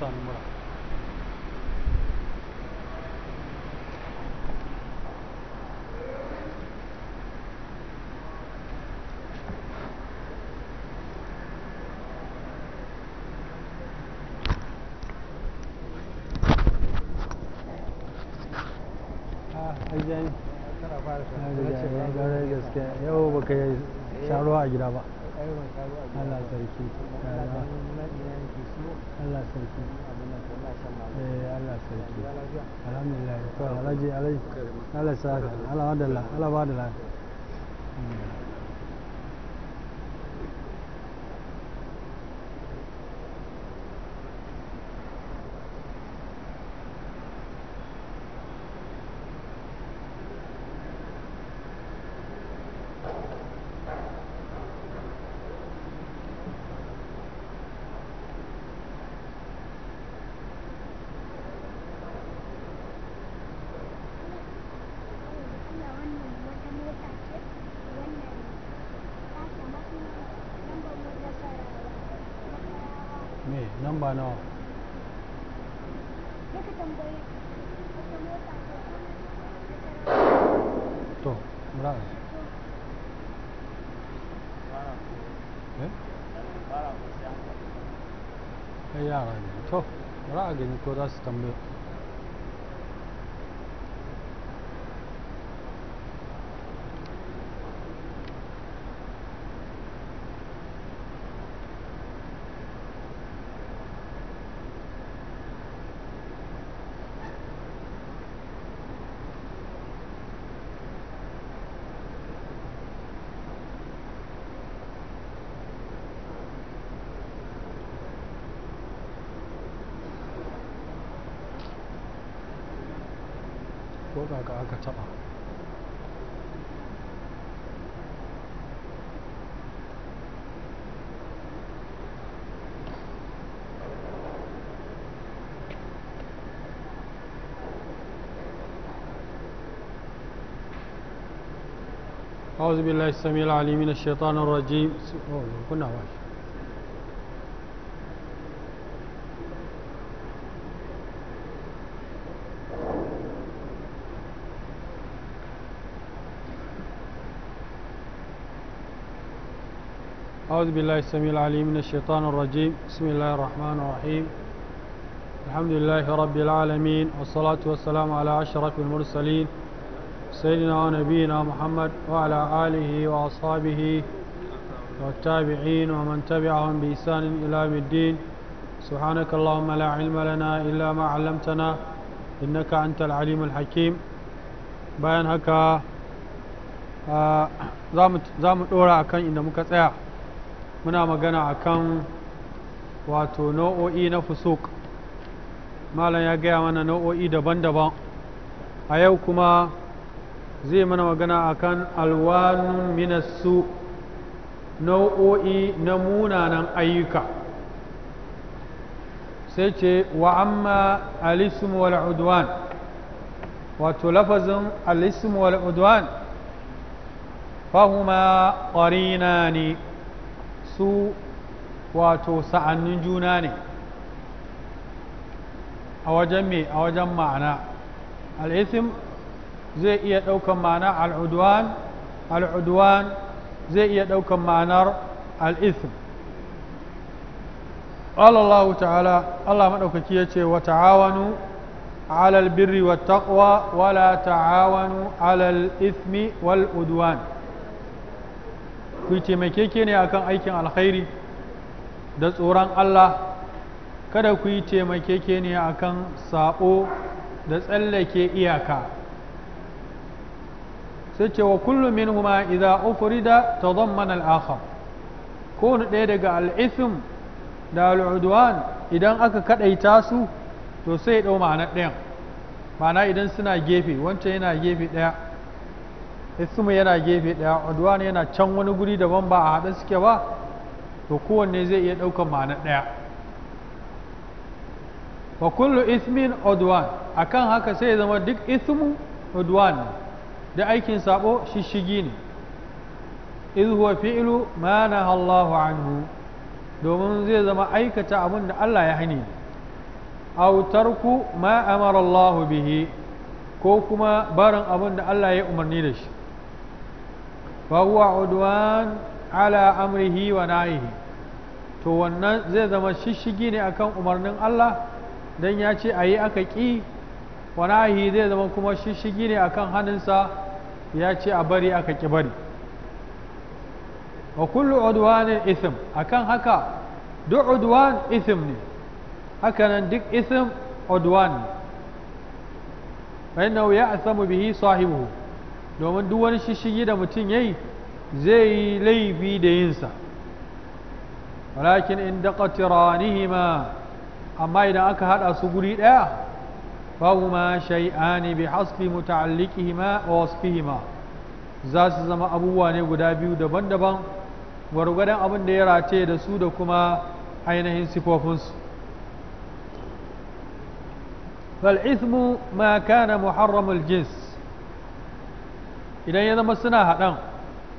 さんも Gracias. Ala sarki ala sarki eh, ala sarki ala to ala saka ala wadalla Gurukula Stambul ko ba ka aka taba أعوذ بالله السميع العليم من الشيطان الرجيم كنا واش أعوذ بالله السميع العليم من الشيطان الرجيم بسم الله الرحمن الرحيم الحمد لله رب العالمين والصلاة والسلام على أشرف المرسلين سيدنا ونبينا محمد وعلى آله وأصحابه والتابعين ومن تبعهم بإحسان إلى يوم الدين سبحانك اللهم لا علم لنا إلا ما علمتنا إنك أنت العليم الحكيم بيان هكا za mu dora a kan inda muka tsaya muna magana a kan wato nau'o'i na fusuk malam ya gaya mana nau'o'i daban-daban a yau kuma zai mana magana a akan alwanun su nau'o'i na munanan ayyuka sai ce wa amma alism wal udwan wato lafazin alism wal udwan fahuma ne. su wato sa'annin juna ne a wajen me a wajen ma'ana al'isim zai iya ɗaukan ma'ana al'uduwan al'uduwan zai iya ɗaukan ma'anar al'isim Allah ta'ala Allah maɗaukaki ya ce wa ta'awanu alal birri wa taqwa wala ta'awanu alal ismi wal udwan ku taimake ne akan aikin alkhairi da tsoron Allah kada ku yi taimake ne akan sabo da tsallake iyaka sai ce wa kullu huma idza ufrida tadammana al-akhar kowane ɗaya daga al-ithm da al-udwan idan aka kadaita su to sai ya dau ma'ana ɗayan ma'ana idan suna gefe wancan yana gefe ɗaya ismu yana gefe ɗaya udwan yana can wani guri daban ba a haɗe suke ba to kowanne zai iya ɗaukar ma'ana ɗaya wa kullu ismin a akan haka sai ya zama duk ismu udwan da aikin sabo shishigi ne idh huwa fi'lu ma naha Allahu anhu domin zai zama aikata abin da Allah ya hani aw tarku ma amara Allahu bihi ko kuma barin abin da Allah ya umarni da shi فهو عدوان على امره ونائه to wannan zai zama shishigi ne akan umarnin Allah dan ya ce a aka ƙi wanahi zai zama kuma shishigi ne akan hannunsa ya ce a bari aka ƙi bari wa kullu udwanin ism akan haka duk udwan ism ne hakanan duk ism udwan ne fa samu bihi sahibuhu domin duk wani shishigi da mutum ya yi zai yi laifi da yinsa walakin in daqatiranihima amma idan aka hada su guri daya fahuma shay'ani bi hasbi muta'alliqihima wa wasfihima za su zama abubuwa ne guda biyu daban-daban gwargwadon abin da ya rataye da su da kuma ainihin sifofinsu فالإثم ما كان محرم الجنس idan ya zama suna haɗan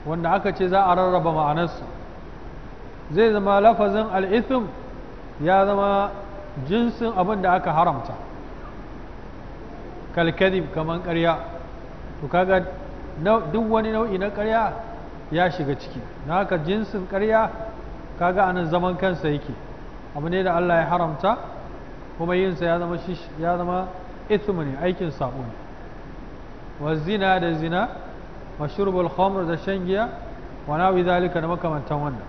wanda aka ce za a rarraba ma'anarsu zai zama lafazin al'ithim ya zama jinsin abin da aka haramta kalkadib kamar ƙarya to kaga duk wani nau'i na karya ya shiga ciki na haka jinsin karya kaga anan zaman kansa yake abu ne da Allah ya haramta kuma yinsa ya zama ya zama ne aikin sabo ne wa zina da zina وشرب الخمر ذا شنجيا وناوي ذلك نمك من تونا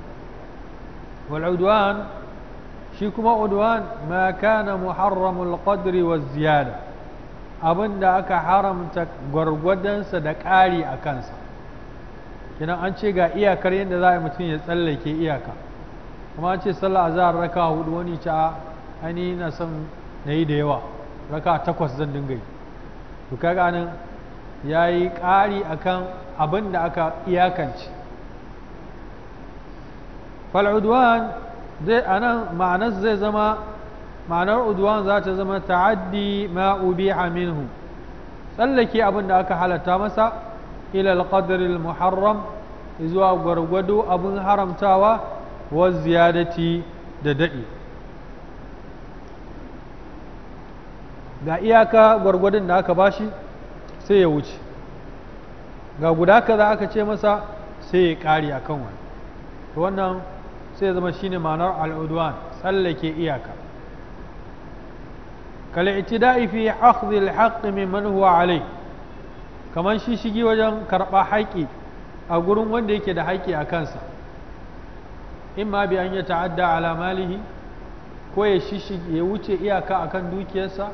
والعدوان شيكما عدوان ما كان محرم القدر والزيادة أبن دا أكا حرم تك غرغودن سدك آلي أكانسا كنا أنشي غا إيا كرين دا دائما تين يسألي كي إيا كا وما أنشي صلى أزار ركا عدواني چا أني نسم نيديوا ركا تقوى سزن دنگي وكاك أنا ya yi ƙari a kan abin da aka iyakance fal'udwan zai a nan ma'anar zai zama ma'anar udwan za ta zama ta'addi ma'ubi minhu tsallake abin da aka halatta masa ilal qadril muharram zuwa gwargwado abin haramtawa wa ziyadati da daɗi ga iyaka gwargwadon da aka bashi sai ya wuce ga guda kaza aka ce masa sai ya kare akan wani to wannan sai ya zama shine ma'anar al'udwan tsallake iyaka kal itida'i fi akhdhi al-haqq mimman huwa alai kaman shi shigi wajen karɓa haƙi a gurin wanda yake da haƙi a kansa imma bi an ya ta'adda ala malihi ko ya wuce iyaka akan dukiyarsa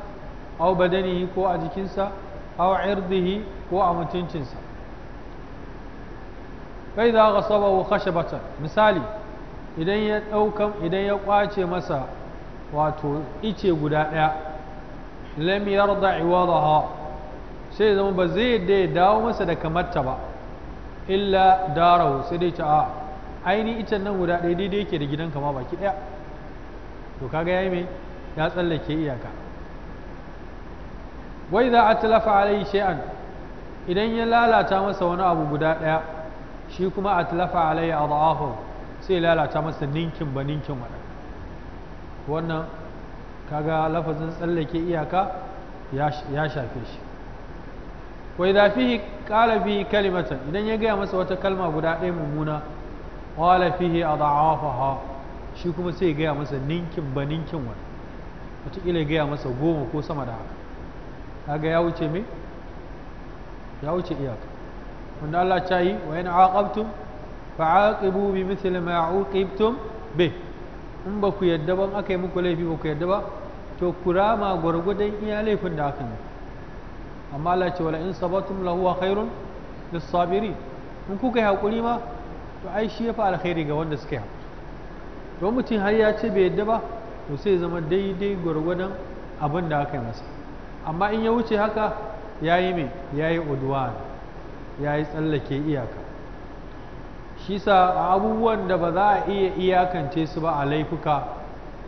au badanihi ko a jikinsa aw irdihi ko a mutuncinsa kai za ka saba kashe bata misali idan ya ɗaukan idan ya kwace masa wato ice guda ɗaya lam yarda iwadaha sai zama ba zai yadda ya dawo masa da kamarta ba illa darahu sai dai ta aini ita icen nan guda ɗaya daidai yake da gidanka ma baki ɗaya to kaga yayi mai ya tsallake iyaka wai za a talafa alaihi shay'an idan ya lalata masa wani abu guda ɗaya shi kuma a talafa alaihi adahu sai lalata masa ninkin ba ninkin waɗanda wannan kaga lafazin tsallake iyaka ya shafe shi wai za fihi ƙala fihi kalimatan idan ya gaya masa wata kalma guda ɗaya mummuna wala fihi adahu shi kuma sai ya gaya masa ninkin ba ninkin wani wataƙila ya gaya masa goma ko sama da haka kaga ya wuce me ya wuce iyaka wanda Allah ta yi wa yana aqabtum fa'aqibu bi mithli ma uqibtum bi in ba ku yadda ban akai muku laifi ba ku yadda ba to ku rama gurgudan iya laifin da aka yi amma Allah ce wala in sabatum lahu wa khairun lis sabiri in kuka yi hakuri ma to ai shi ya fi alkhairi ga wanda suka yi to mutum har ya ce bai yadda ba to sai zama daidai gwargwadan abin da aka yi masa amma in ya wuce haka ya yi mai ya yi udwan ya yi tsallake iyaka shi sa a abubuwan da ba za a iya iyakance su ba a laifuka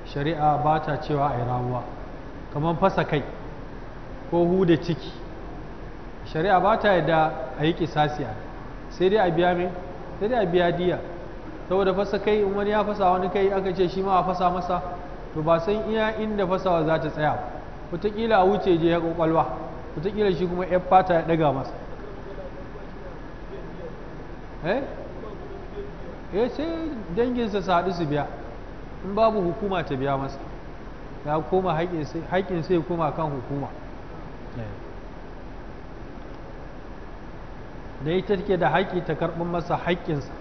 shari'a ba ta cewa a yi ramuwa kamar fasa kai ko huda ciki shari'a ba ta yi da a yi kisasiya sai dai a biya mai sai dai a biya diya saboda fasa kai in wani ya fasa wani kai aka ce shi ma a fasa masa to ba san iya inda fasawa za ta tsaya ba wataƙila a wuce je ya ƙwaƙwalwa wataƙila shi kuma yan fata ya ɗaga masa eh eh sai danginsa su haɗu su biya in babu hukuma ta biya masa ya koma haƙƙin sai koma kan hukuma eh. da ita take da haƙƙi ta karɓar masa haƙƙinsa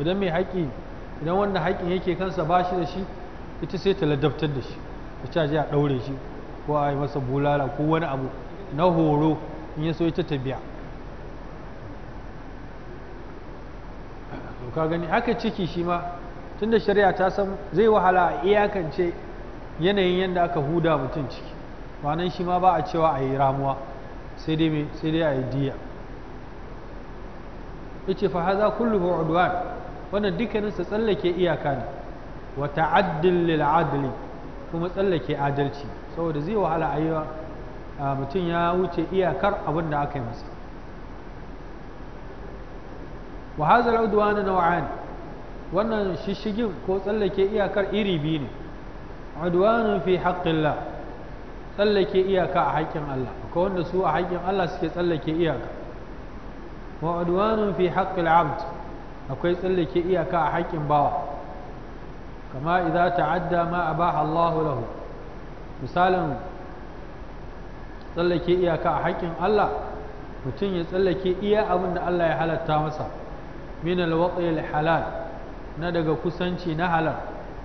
idan mai haƙƙi idan wanda haƙƙin yake kansa ba shi da shi ita sai ta ladabtar da shi ya a ɗaure shi ko a yi masa bulala ko wani abu na horo in ya so ya ta biya ka gani haka ciki shi ma tunda shari'a ta san zai wahala a iyakance yanayin yadda aka huda mutum ciki ranar shi ma ba a cewa a yi ramuwa sai dai a yi diya yace fa haza kulluhu udwan wannan dukkanin sa tsallake iyaka ne wa ta'addil lil adli kuma tsallake adalci saboda zai wahala a mutum ya wuce iyakar abin da aka yi masa wa hazal udwana naw'an wannan shishigin ko tsallake iyakar iri biyu ne udwanun fi haqqillah tsallake iyaka a haƙƙin Allah akwai wanda su a haƙƙin Allah suke tsallake iyaka wa udwanun fi haqqil abd akwai tsallake iyaka a haƙƙin bawa kama idza ta'adda ma abaha Allah lahu misalin tsallake iyaka a haƙƙin Allah mutum ya tsallake iya abin da Allah ya halatta masa min alwaqi halal na daga kusanci na halal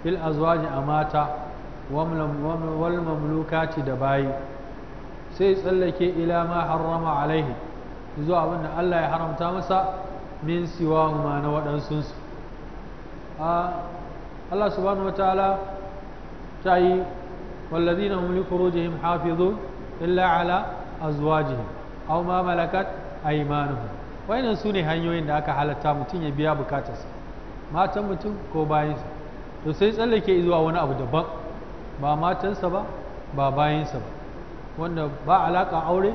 fil azwaji a mata wal mamlukati da bayi sai tsallake ila ma harrama alaihi zuwa abin da Allah ya haramta masa min siwa na waɗansu a Allah su subhanahu wa ta'ala ta yi jihim hafi والذين هم لفروجهم حافظون إلا على أزواجهم أو ما ملكت أيمانهم wayannan su ne hanyoyin da aka halatta mutum ya biya bukatarsa matan mutum ko bayansa to sai tsallake zuwa wani abu daban ba matansa ba ba bayansa ba wanda ba alaka aure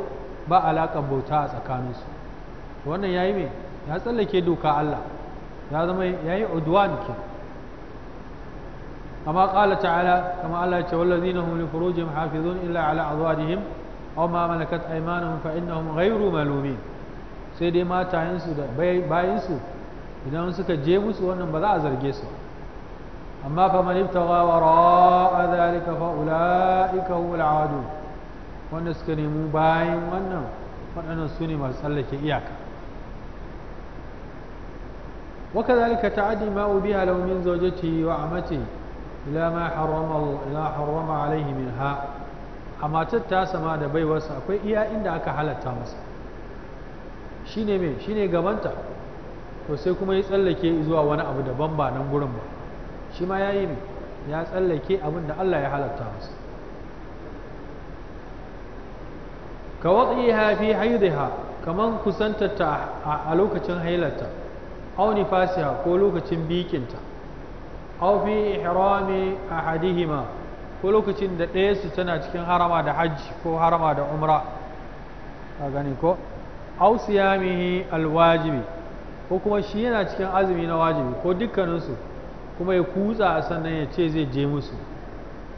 ba alaka bauta a tsakaninsu wannan ya yi me ya tsallake doka Allah ya zama yayi udwan kenan amma qala ta'ala kama Allah ya ce wallazina hum li furujihim hafizun illa ala azwajihim aw ma malakat aymanuhum fa innahum ghayru malumin sai dai matayensu da bayinsu idan suka je musu wannan ba za a zarge su amma fa man ibtagha wara'a dhalika fa ulaika humul aadu wannan waɗannan masu tsallake iyaka وكذلك تعدي ما أبيها له من زوجته وعمته ila ma harrama ila harrama alaihi minha a ta sama da baiwarsa akwai iya inda aka halatta masa shine me shine gabanta to sai kuma ya tsallake zuwa wani abu daban ba nan gurin ba shi ma yayi ne ya tsallake abin da Allah ya halatta masa ka wad'iha fi haidha kaman kusantarta a lokacin hailarta aw nifasiha ko lokacin bikinta aw fi ihrami ahadihima ko lokacin da ɗaya su tana cikin harama da hajji ko harama da umra ka gani ko aw siyamihi alwajibi ko kuma shi yana cikin azumi na wajibi ko dukkaninsu kuma ya kutsa a sannan ya ce zai je musu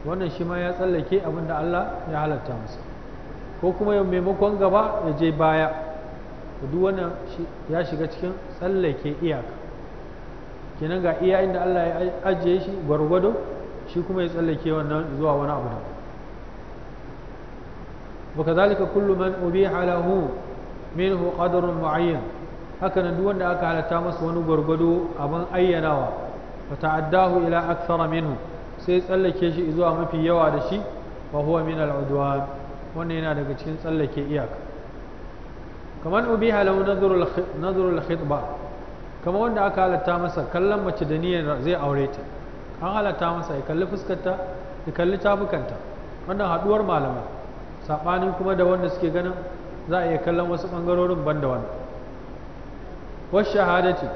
wannan shi ma ya tsallake abin da Allah ya halatta masa ko kuma ya maimakon gaba ya je baya duk wannan ya shiga cikin tsallake iyaka kenan ga iya inda Allah ya ajiye shi gwargwado shi kuma ya tsallake wannan zuwa wani abu baka zalika kullum man ubi halahu min hukadarun ma'ayyan haka nan duk wanda aka halatta masa wani gwargwado abin ayyanawa fa ta'addahu ila akthara minhu sai tsallake shi zuwa mafi yawa da shi wa huwa min al'udwan wannan yana daga cikin tsallake iyaka kamar ubi halahu nazarul khitba kamar wanda aka halatta masa kallon mace da niyyar zai aure ta an halatta masa ya kalli fuskarta ya kalli tafukanta wannan haduwar malamai saɓanin kuma da wanda suke ganin za a iya kallon wasu ɓangarorin ban da wannan wasu shahadati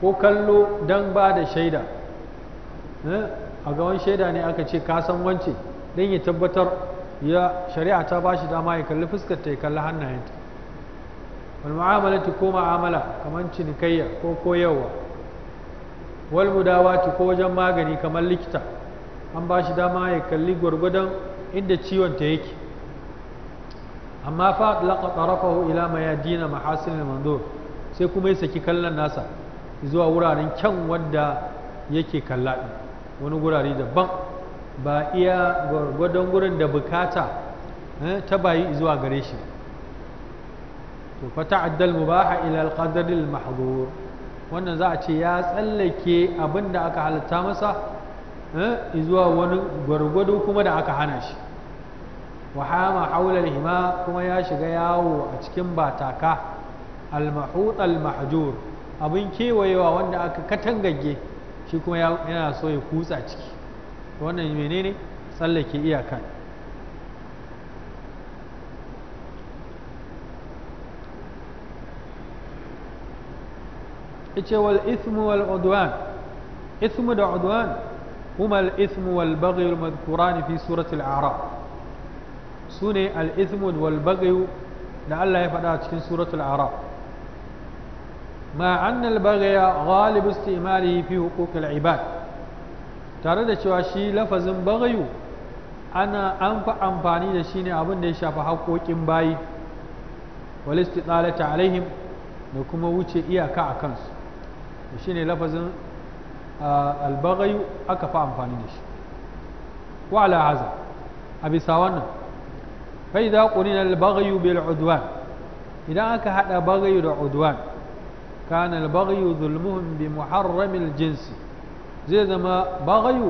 ko kallo dan ba da shaida eh, a gaban shaida ne aka ce ka san wance don ya tabbatar ya shari'a ta ba shi dama ya kalli fuskarta ya kalli hannayenta wal mu'amalati ko mu'amala kamar cinikayya ko koyarwa wal ko wajen magani kamar likita an ba shi dama ya kalli gwargwadon inda ciwon ta yake amma fa laqad tarafahu ila mayadina mahasin al-manzur sai kuma ya saki kallon nasa zuwa wuraren kyan wanda yake kalla wani gurare daban ba iya gwargwadon gurin da bukata eh, ta bayi zuwa gare shi to fa ta'adda al-mubaha ila al-qadar al-mahdhur wannan za a ce ya tsallake abinda aka halatta masa eh, zuwa wani gwargwado kuma da aka hana shi wahama haular hima kuma ya shiga yawo a cikin bataka almahut mahjur abin kewayewa wanda aka katangage shi kuma yana so ya kutsa ciki wannan menene tsallake iyakan yace wal ismu wal udwan ismu da udwan huma al ismu wal baghy al madhkuran fi surati al a'raf sune al ismu wal baghy da Allah ya faɗa cikin suratul a'raf ma anna al baghy ghalib istimalihi fi huquq al ibad tare da cewa shi lafazin baghy ana an fa amfani da shi ne abin da ya shafi haƙoƙin bayi wal istidalata alaihim da kuma wuce iyaka a kansu shi ne lafazin albagayu aka fi amfani da shi wa ala haza a bisa wannan fai za ƙunina albagayu bil udwan idan aka haɗa bagayu da udwan كان البغي ظلمهم بمحرم الجنس زي زما بغي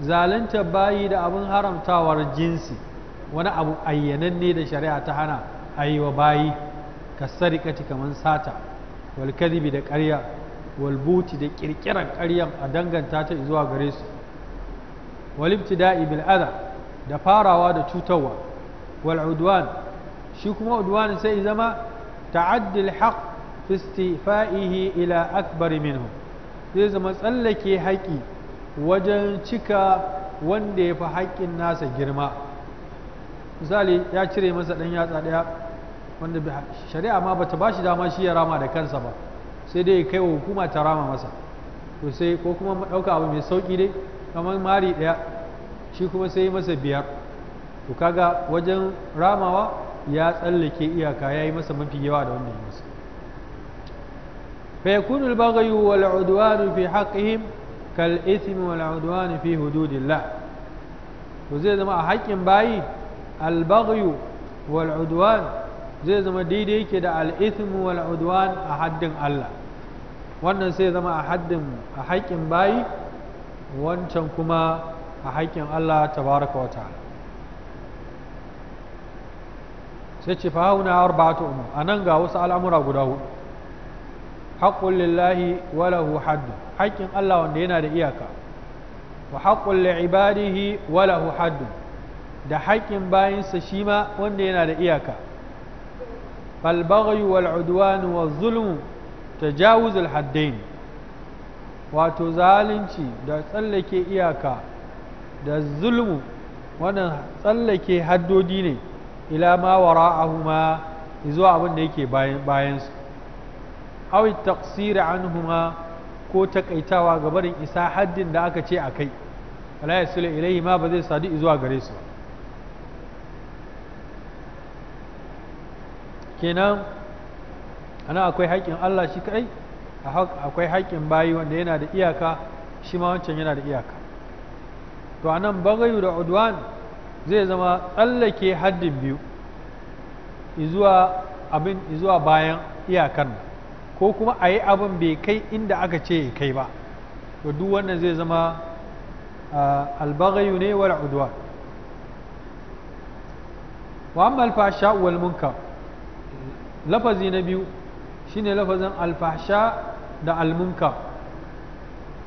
زالنت باي da abun haramtawar jinsi wani abu ayyananne da shari'a ta hana ayi wa bayi ka sarikati kaman sata wal kadhibi da ƙarya walbuti da ƙirƙirar ƙaryan a danganta ta zuwa gare su walibtida'i bil adha da farawa da cutarwa wal udwan shi kuma udwan sai zama ta'addil haqq fi istifa'ihi ila akbar minhu zai zama tsallake haƙi wajen cika wanda ya fi haƙƙin nasa girma misali ya cire masa ɗan yatsa ɗaya wanda shari'a ma bata ba shi dama shi ya rama da kansa ba sai dai kai wa hukuma ta rama masa to sai ko kuma ɗauka abu mai sauƙi dai kamar mari ɗaya shi kuma sai masa biyar to kaga wajen ramawa ya tsallake iyaka ya yi masa mafi yawa da wanda ya masa فيكون البغي والعدوان في حقهم كالإثم والعدوان في حدود الله وزي زما حقين باي البغي والعدوان زي زما ديدي كده الإثم والعدوان أحد الله wannan sai zama a haddin a haƙƙin bayi wancan kuma a haƙƙin Allah ta baraka wata sai ce fa hauna arba'atu umur anan ga wasu al'amura guda hudu haqqul lillahi wa lahu hadd haƙƙin Allah wanda yana da iyaka wa haqqul li ibadihi wa lahu hadd da haƙƙin bayinsa shi ma wanda yana da iyaka fal baghy wal udwan wa zulm تجاوز الحدين haddain wato zalunci da tsallake iyaka da zulmu wannan tsallake haddodi ne ila ma wara'ahuma zuwa abin da yake bayan bayan su aw taqsir ko takaitawa ga barin isa haddin da aka ce akai wala sula ilayhi ma ba zai sadu zuwa gare su kenan ana akwai haƙƙin Allah shi kaɗai akwai haƙƙin bayi wanda yana da iyaka shi ma wancan yana da iyaka to a nan bagayu da udwan zai zama tsallake haddin biyu izuwa abin izuwa bayan iyakan ko kuma a yi abin bai kai inda aka ce ya kai ba to duk wannan zai zama albagayu ne wa udwan wa amma alfasha wal munka lafazi na biyu shine lafazin alfahsha da almunka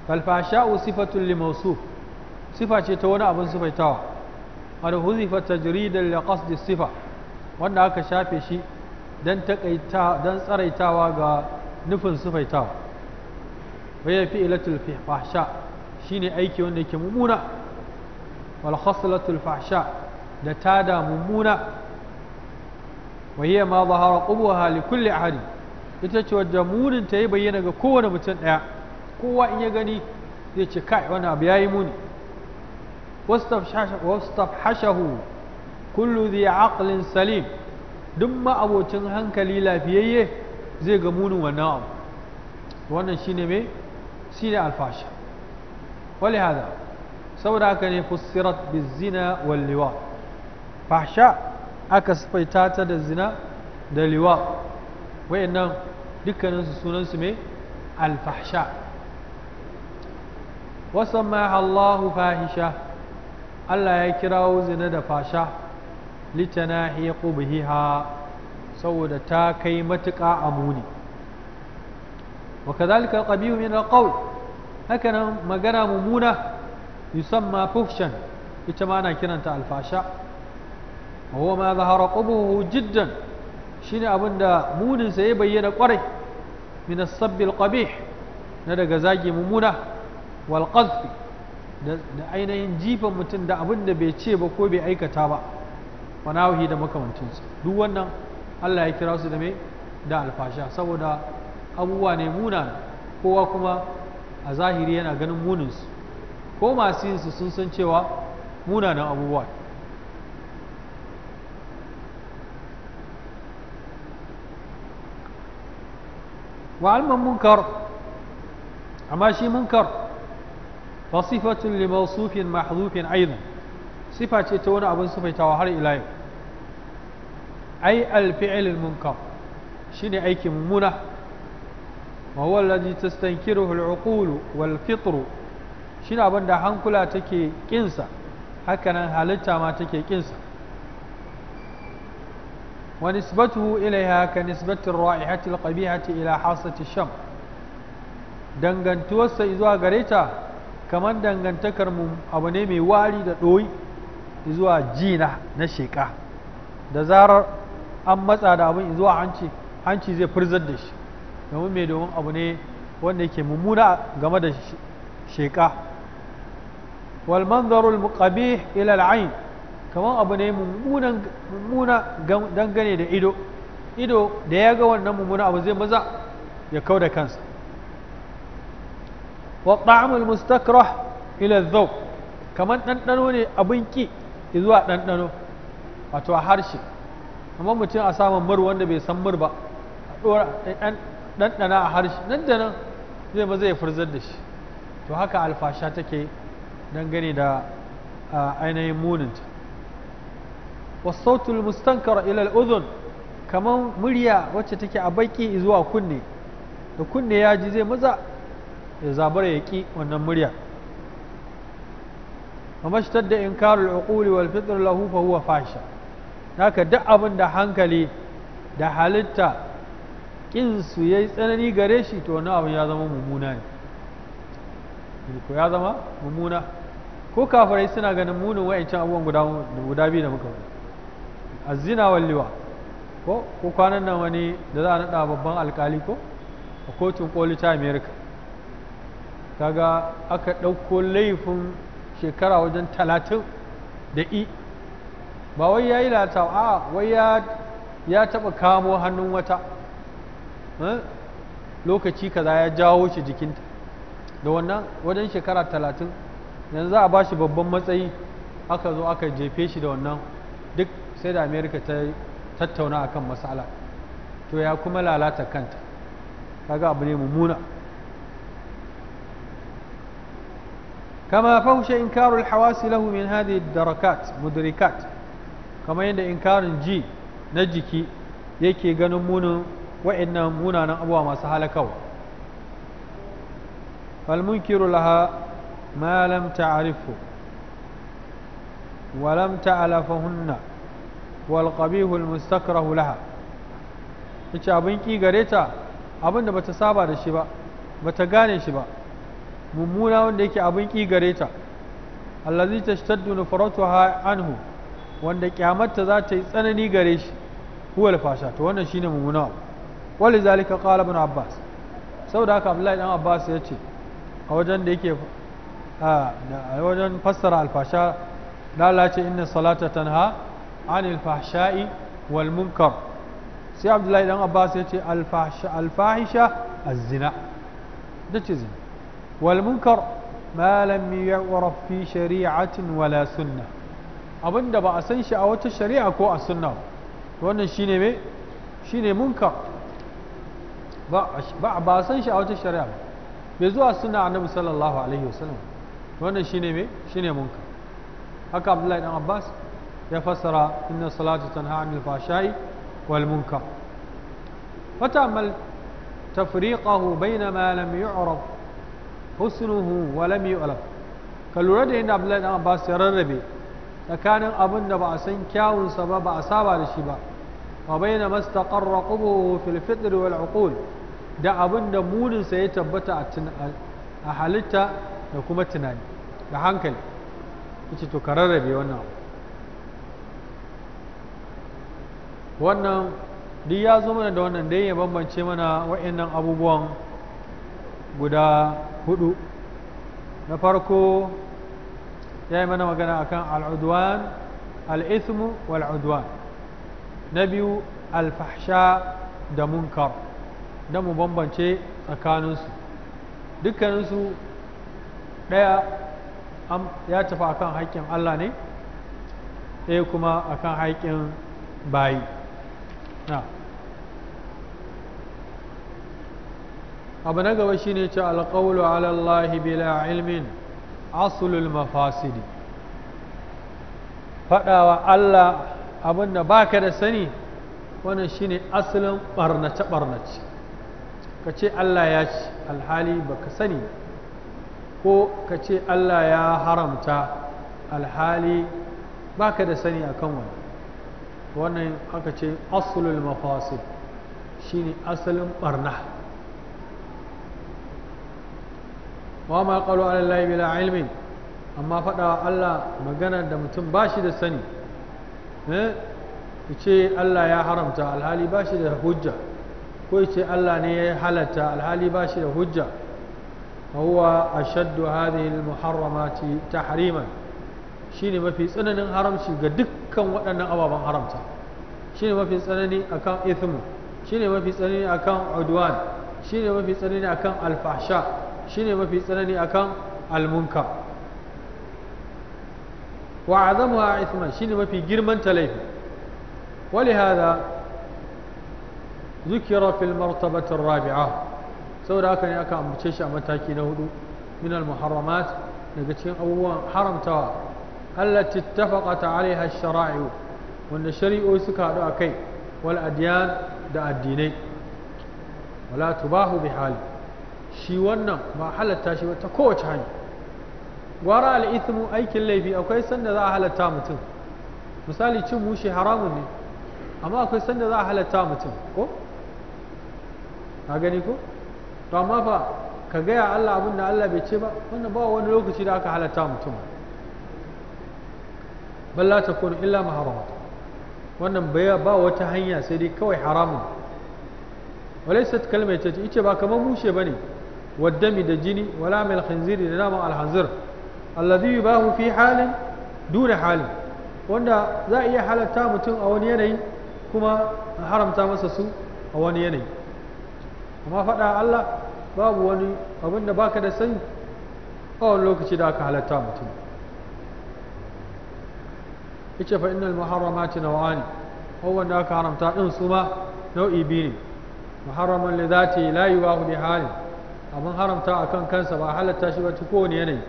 falfahsha'u sifatun li mawsuf sifa ce ta wani abin sifaitawa qad huzifa tajridan li qasdi sifa wanda aka shafe shi dan dan tsaraitawa ga nufin sifaitawa waya fi'latul fahsha shine aiki wanda yake mummuna wal khaslatul fahsha da tada mummuna وهي ما ظهر قبوها لكل أحد ita ce wadda munin ta yi bayyana ga kowane mutum ɗaya kowa in ya gani zai ce kai wani abu yi muni wastafhashahu kullu zai aqlin salim duk ma'abocin hankali lafiyayye zai ga munin wannan abu wannan shine mai shine alfasha wali hada saboda haka ne fussirat bizina wal liwa fahsha aka sifaita ta da zina da liwa nan dukkaninsu sunansu mai alfahsha wasan ma Allahu fahisha Allah ya kirawo zina da fasha litana hiya qubhiha saboda ta kai matuƙa amuni wa kadhalika qabihu min alqawl haka nan magana mumuna yusamma fuhshan ita ma ana kiranta alfasha wa huwa ma zahara qubuhu jiddan shine abin da muninsa ya bayyana kwarai min sabbin na daga zagi mummuna walƙazfi da ainihin jifan mutum da abin da bai ce ba ko bai aikata ba wanawahi da makamancinsu duk wannan Allah ya kira su da mai da alfasha saboda abubuwa ne muna kowa kuma a zahiri yana ganin muninsu ko masu yin su sun san cewa munanan abubuwa wa alman munkar amma shi munkar fa sifatun li mawsufin mahdhufin aidan sifa ce ta wani abin sifaitawa har ila yau ai al fi'l al munkar shine aikin mummuna wa huwa alladhi tastankiruhu al uqul wal fitr shine abin da hankula take kinsa hakanan halitta ma take kinsa ونسبته إليها كنسبة الرائحة القبيحة إلى حاصة الشم dangantuwarsa zuwa gare ta kamar dangantakar mu abu ne mai wari da ɗoyi zuwa jina na sheƙa da zarar an matsa da abin zuwa hanci hanci zai furzar da shi domin mai domin abu ne wanda mummuna game da sheƙa wal manzarul muqabih ila al'ain kamar abu ne mummuna dangane da ido ido da ya ga wannan mummuna abu zai maza ya kau da kansa wa ta'amul mustakrah ila zau kamar ɗanɗano ne abin ki zuwa ɗanɗano wato a harshe amma mutum a samun mur wanda bai san mur ba a ɗora ɗanɗana a harshe nan da nan zai maza ya furzar da shi to haka alfasha take dangane da ainihin muninta wasautul mustankar ilal uzun kaman murya wacce take a baki zuwa kunne da kunne ya ji zai maza ya zabara ya ki wannan murya amma shi da inkarul uquli wal fitr lahu fa huwa fasha haka duk abin da hankali da halitta kin su yayi tsanani gare shi to wannan abin ya zama mummuna ko ya suna ganin munin wa'ancan abubuwan guda biyu da muka wani azina walliwa ko ko kwanan nan wani da za a naɗa babban alkali ko a kotun koli ta america kaga aka ɗauko laifin shekara wajen talatin da i ba wai ya yi lata a wai ya taɓa kamo hannun wata lokaci kaza ya jawo shi jikinta da wannan wajen shekara talatin yanzu za a ba shi babban matsayi aka zo aka jefe shi da wannan sai da amerika ta tattauna akan matsala to ya kuma lalata kanta kaga abu ne mummuna كما فهش إنكار الحواس له من هذه الدركات مدركات كما عند إنكار جي نجيكي يكي غنمون وإن مونا نأبوا ما سهلكوا فالمنكر لها ما لم تعرفه ولم تعلفهن wal mustakrahu laha yace abin ƙi gare ta abin da bata saba da shi ba bata gane shi ba mummuna wanda yake abin ƙi gare ta allazi tashtaddu nufratuha anhu wanda kyamarta za ta yi tsanani gare shi huwa alfasha to wannan shine mummuna wali zalika qala ibn abbas saboda haka abdullahi dan abbas ya ce a wajen da yake a wajen fassara alfasha lalace inna salata tanha anil fahsha'i sai abdullahi dan abbas ya ce alfahisha az-zina da ce zina wal munkar ma wala sunna abinda ba a san shi a wata shari'a ko a sunna wannan shine me munkar ba a san shi a wata shari'a ba bai zuwa sunna annabi sallallahu alaihi wasallam wannan shine me munkar haka abdullahi dan abbas يا يفسر إن الصلاة تنهى عن الفحشاء والمنكر وتأمل تفريقه بين ما لم يعرف حسنه ولم يؤلف كالورد عند عبد الله عباس الربي لكان أبن نبع سنكاو سبب أصاب الشباب وبين ما استقر قبوه في الفطر والعقول دا أبن نمون سيتبت أحلت نكومتنا بحنكل إيش تكرر بي ونعم wannan duk ya zo mana da wannan dai ya bambance mana wa'annan abubuwan guda hudu na farko ya yi mana magana akan al'udwan al'ismu wal'udwan na biyu alfahsha da munkar da mu bambance tsakaninsu dukkaninsu ɗaya ya tafi akan haƙƙin Allah ne ɗaya kuma akan haƙƙin bayi abu na gaba shine ce alƙawlu ala Allah bila ilmin asulul mafasidi faɗawa Allah abin da baka da sani wannan shine asalin barnace barnace ka ce Allah ya ci alhali baka sani ko ka ce Allah ya haramta alhali baka da sani akan wani wannan aka ce asulul mafasid shine asalin barna wa ma qalu ala bila ilmin amma faɗawa Allah magana da mutum ba shi da sani eh? ya ce Allah ya haramta alhali ba shi da hujja ko ce Allah ne ya halatta alhali ba shi da hujja huwa ashaddu hadhihi ta tahriman shine mafi tsananin haramci ga dukkan waɗannan ababen haramta shine mafi tsanani akan ithmu shine mafi tsanani akan udwan shine mafi tsanani akan alfahsha shine mafi tsanani akan almunka wa azamuha ithman shine mafi girman talaifi ولهذا ذكر في المرتبة الرابعة saboda haka ne aka ambace shi a mataki na hudu min al-muharramat daga cikin abubuwan haramtawa allati ta alaiha ash-shara'i wanda shari'o'i suka haɗu akai wal adyan da addinai wala tubahu bi hali shi wannan ba halatta shi ta kowace hanya gwara al-ithmu aikin laifi akwai sanda za a halatta mutum misali cin bushe haramun ne amma akwai sanda za a halatta mutum ko ka gani ko to amma fa ka gaya Allah abin Allah bai ce ba wannan ba wani lokaci da aka halatta mutum Ballata la takunu illa maharamat wannan baya ba wata hanya sai dai kawai haramun walaysat kalmar ce ita ba kamar mushe bane waddami da jini wala mil khinziri da naman alhanzir alladhi yubahu fi halin duda halin wanda za a iya halatta mutum a wani yanayi kuma a haramta masa su a wani yanayi amma faɗa Allah babu wani abinda da baka da sani a wani lokaci da aka halatta mutum yace fa innal muharramati naw'ani abubuwan da aka haramta din su ma nau'i biyu ne muharraman li zati la yuwahu bi hali abin haramta akan kansa ba halatta shi ba ta kowane yanayi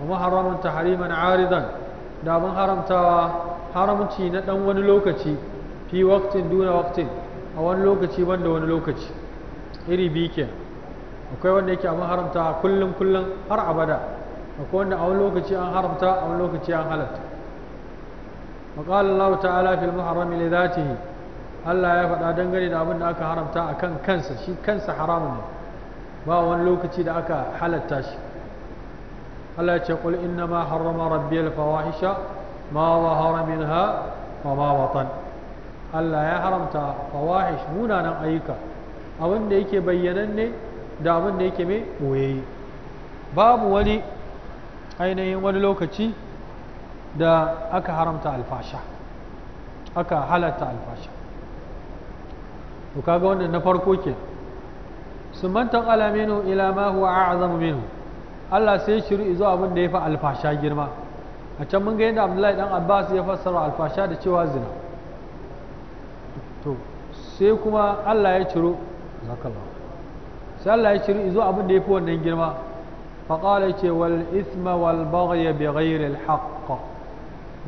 wa muharraman tahriman aridan da abin haramtawa haramci na dan wani lokaci fi waqtin duna waqtin a wani lokaci banda wani lokaci iri biyu ke akwai wanda yake abin haramta kullum kullum har abada akwai wanda a wani lokaci an haramta a wani lokaci an halatta وقال الله تعالى في المحرم لذاته Allah ya faɗa dangane da abin da aka haramta a kan kansa shi kansa haramun ne ba wani lokaci da aka halatta shi Allah ya ce qul inna ma harrama rabbiyal fawahisha ma zahara minha wa ma batan Allah ya haramta fawahish munanan ayyuka abin da yake bayyananne da abinda da yake mai boyayye babu wani ainihin wani lokaci da aka haramta alfasha aka halatta alfasha to kaga wannan na farko ke sumantan alaminu ila ma huwa a'zamu minhu Allah sai ya shiru zuwa abin da ya fi alfasha girma a can mun ga yadda Abdullahi dan Abbas ya fassara alfasha da cewa zina to sai kuma Allah ya ciro zakallahu sai Allah ya ciro zuwa abin da ya fi wannan girma فقال يتي والإثم والبغي al الحق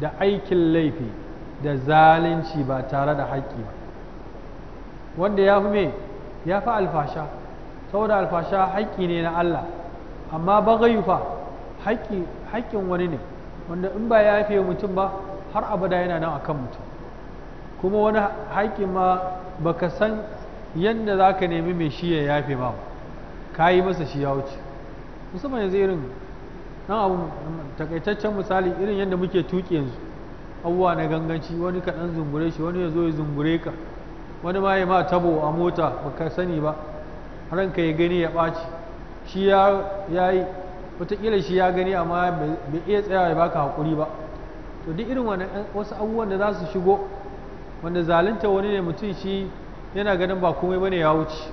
da aikin laifi da zalunci ba tare da haƙƙi ba wanda ya fi me ya fi alfasha saboda alfasha haƙƙi ne na Allah amma bagayu fa haƙƙin wani ne wanda in ba ya fiye mutum ba har abada yana nan akan mutum kuma wani haƙƙi ma ba ka san yadda za ka nemi mai shi ya yafe ba ka yi masa shi ya wuce musamman yanzu irin Ɗan abu takaitaccen misali irin yadda muke tuki yanzu abubuwa na ganganci wani ka dan shi wani ya zo ya zungure ka wani ma ya ma tabo a mota ba ka sani ba ranka ya gani ya ɓaci shi ya yi wataƙila shi ya gani amma bai iya tsaya ya baka haƙuri ba to duk irin eh, wasu abubuwan da za su shigo wanda zalunta wani ne mutum shi yana ganin ba komai bane ya wuce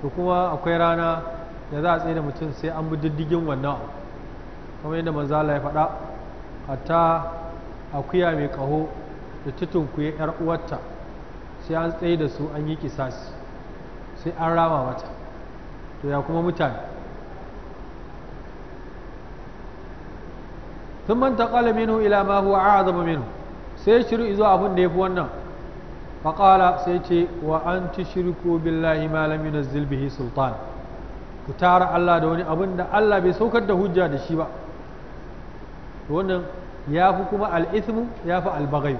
to kuma akwai rana da za a tsaye da mutum sai an bi diddigin wannan abu kamar yadda manzo Allah ya faɗa hatta akuya mai kaho da tutunkuye yar uwarta sai an tsaye da su an yi kisasi sai an rama mata to ya kuma mutane sun manta ƙala minu ila ma huwa zama minu sai shiru izo abin da ya fi wannan faƙala sai ce wa an ci ko billahi malami na yunazzil bihi sultan ku tara Allah da wani abin da Allah bai saukar da hujja da shi ba wannan ya fi kuma al'ismu ya fi albagai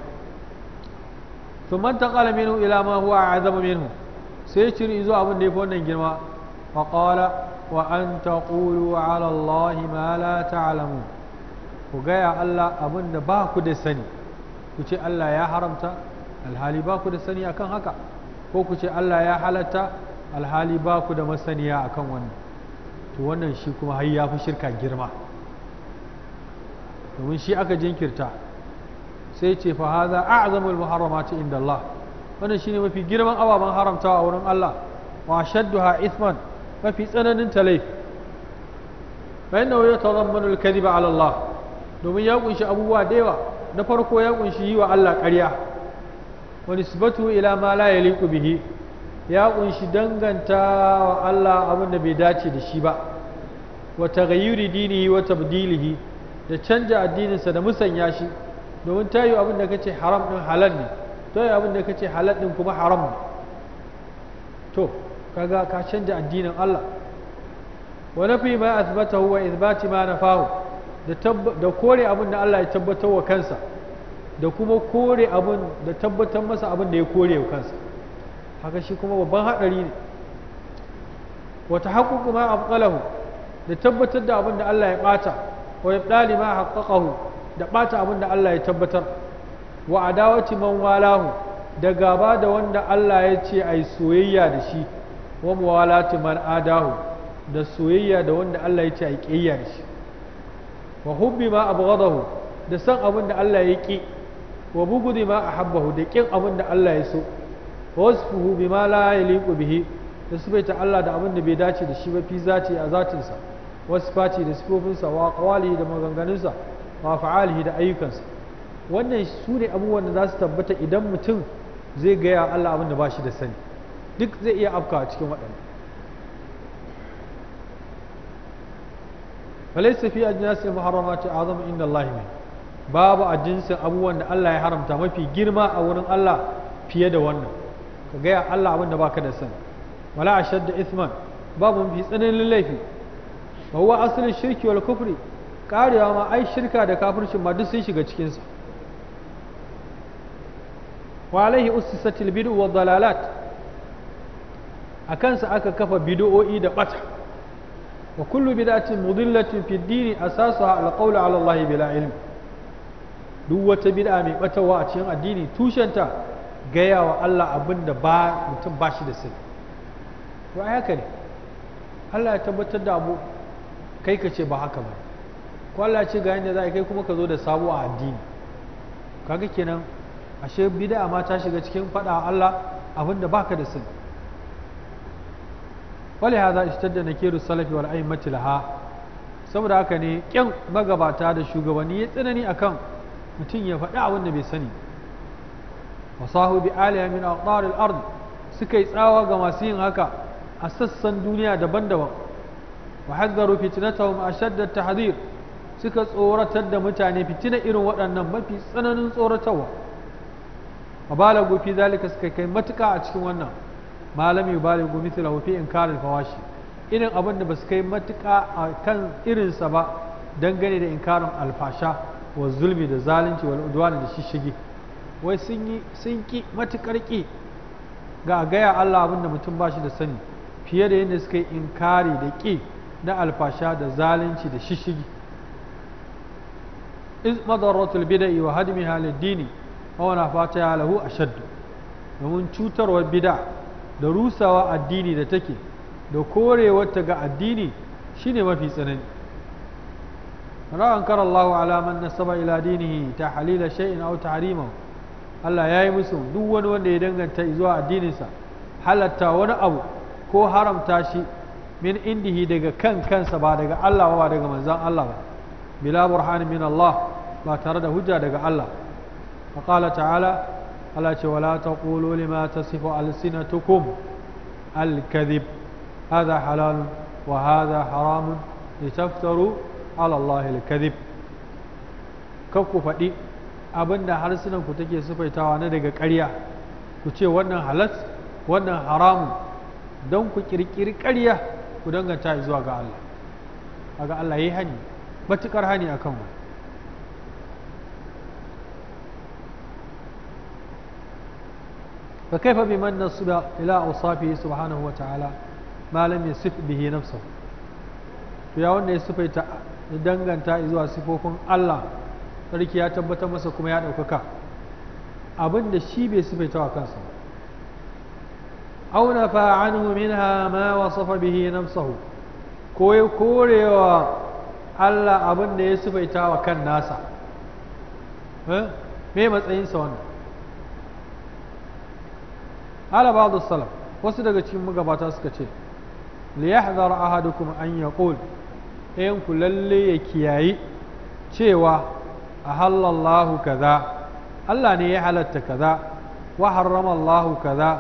su manta ƙala minu ma huwa a zama minu sai ciri zuwa abin da ya fi wannan girma wa ƙala wa an ta ƙulu ala ma la ta'lamu ku gaya Allah abin da ba ku da sani ku ce Allah ya haramta alhali ba ku da sani akan haka ko ku ce Allah ya halatta alhali ba ku da masaniya akan wannan to wannan shi kuma har ya fi shirka girma domin shi aka jinkirta sai ce fa haza a'zamul muharramati inda Allah wannan shine mafi girman ababen haramtawa a wurin Allah wa shadduha ithman mafi tsananin talai fa innahu yatadammanu al-kadhiba ala Allah domin ya kunshi abubuwa da yawa na farko ya kunshi yi wa Allah ƙarya wa nisbatu ila ma la yaliqu bihi ya kunshi danganta wa Allah abin da bai dace da shi ba wa taghayyuri dinihi wa tabdilihi da canja addininsa da musanya shi domin ta yi abin da kace haram din halal ne ta yi abin da kace halal din kuma haram ne to kaga ka canja addinin Allah wa nafi ma athbatahu wa ithbati ma nafahu da da kore abin da Allah ya tabbatar wa kansa da kuma kore abin da tabbatar masa abin da ya kore wa kansa haka shi kuma babban hadari ne wa tahaqququ ma abqalahu da tabbatar da abin da Allah ya bata wa ibdali ma haqqaqahu da bata abin da Allah ya tabbatar wa adawati man walahu da gaba da wanda Allah ya ce ai soyayya da shi wa muwalati man adahu da soyayya da wanda Allah ya ce ai kiyayya da shi wa hubbi ma abghadahu da san abin da Allah ya ki wa bugudi ma ahabbahu da kin abin da Allah ya so wasfuhu bima la yaliqu bihi da sifaita Allah da abin da bai dace da shi ba fi zati a zatinsa wasu faci da sifofinsa wa kawali da maganganunsa wa fa'alihi da ayyukansa wannan su ne abubuwan da za su tabbata idan mutum zai gaya Allah abin da ba shi da sani duk zai iya afka a cikin waɗanda. waɗannan falaisa fi ajnasi ce azam inda Allah ne babu a jinsin abubuwan da Allah ya haramta mafi girma a wurin Allah fiye da wannan ka gaya Allah abin da baka da sani wala ashadda isman babu mafi tsananin laifi wa huwa aslul shirki wal kufri karewa ma ai shirka da kafirci ma duk sun shiga cikinsa wa alaihi ussisatil bid'u wa dalalat akansa aka kafa bid'o'i da bata wa kullu bid'atin mudillatin fi dini asasuha al qawlu ala Allah bila ilm duk wata bid'a mai batawa a cikin addini tushenta gayawa Allah abinda ba mutum bashi da sani to haka ne Allah ya tabbatar da abu kai ka ce ba haka ba ko Allah ce ga yadda za a kai kuma ka zo da sabo a addini kaga kenan ashe bid'a ma ta shiga cikin faɗa Allah abinda baka da sun wale haza ishtadda nakiru salafi wal a'immati laha saboda haka ne kyan magabata da shugabanni ya tsanani akan mutum ya faɗi a da bai sani wasahu bi aliya min aqdar al suka yi tsawa ga masu yin haka a sassan duniya daban-daban wa hazzaru fitnatahum ashadda tahdhir suka tsoratar da mutane fitina irin waɗannan mafi tsananin tsoratarwa wa fi zalika suka kai matuka a cikin wannan malam yubaligu mithlahu fi inkaril fawashi irin abin da basu kai matuka a kan irinsa ba dangane da inkarin alfasha wa zulmi da zalunci wal udwan da shishigi wai sun yi sun ki matukar ki ga gaya Allah abin da mutum ba shi da sani fiye da yadda suka yi inkari da ki na alfasha da zalunci da shishigi iz madaratul bid'i wa hadmiha lid-dini wa wana fata lahu ashadd domin cutarwar bid'a da rusawa addini da take da korewar ta ga addini shine mafi tsanani ra'an kara Allah ala man nasaba ila dinihi ta halila shay'in aw tahrimahu Allah yayi musu duk wani wanda ya danganta zuwa addininsa halatta wani abu ko haramta shi min indihi daga kan kansa ba daga Allah ba daga manzan Allah ba bila burhan min Allah ba tare da hujja daga Allah fa qala ta'ala Allah ce wala taqulu lima tasifu alsinatukum alkadhib hadha halal wa hadha haram litaftaru ala Allah alkadhib kakku faɗi abinda harsunan ku take sufaitawa na daga ƙarya ku ce wannan halas wannan haramun don ku ƙirƙiri ƙarya ku danganta zuwa ga Allah ga Allah ya yi hani matukar hani akan mu fa kaifa biman nasuba ila awsafihi subhanahu wa ta'ala ma lam yasif bihi nafsuhu to ya wanda ya sifaita danganta zuwa sifofin Allah sarki ya tabbatar masa kuma ya ɗaukaka abinda shi bai sifaita wa kansa ba auna نفى عنه منها ما وصف به نفسه كوي كوري Allah abin da ya sufaita wa kan nasa me matsayinsa wannan ala ba'd salaf wasu daga cikin magabata suka ce liyahdhar kuma an yaqul ayan ku lalle ya kiyayi cewa ahallallahu kaza Allah ne ya halarta kaza wa harrama Allah kaza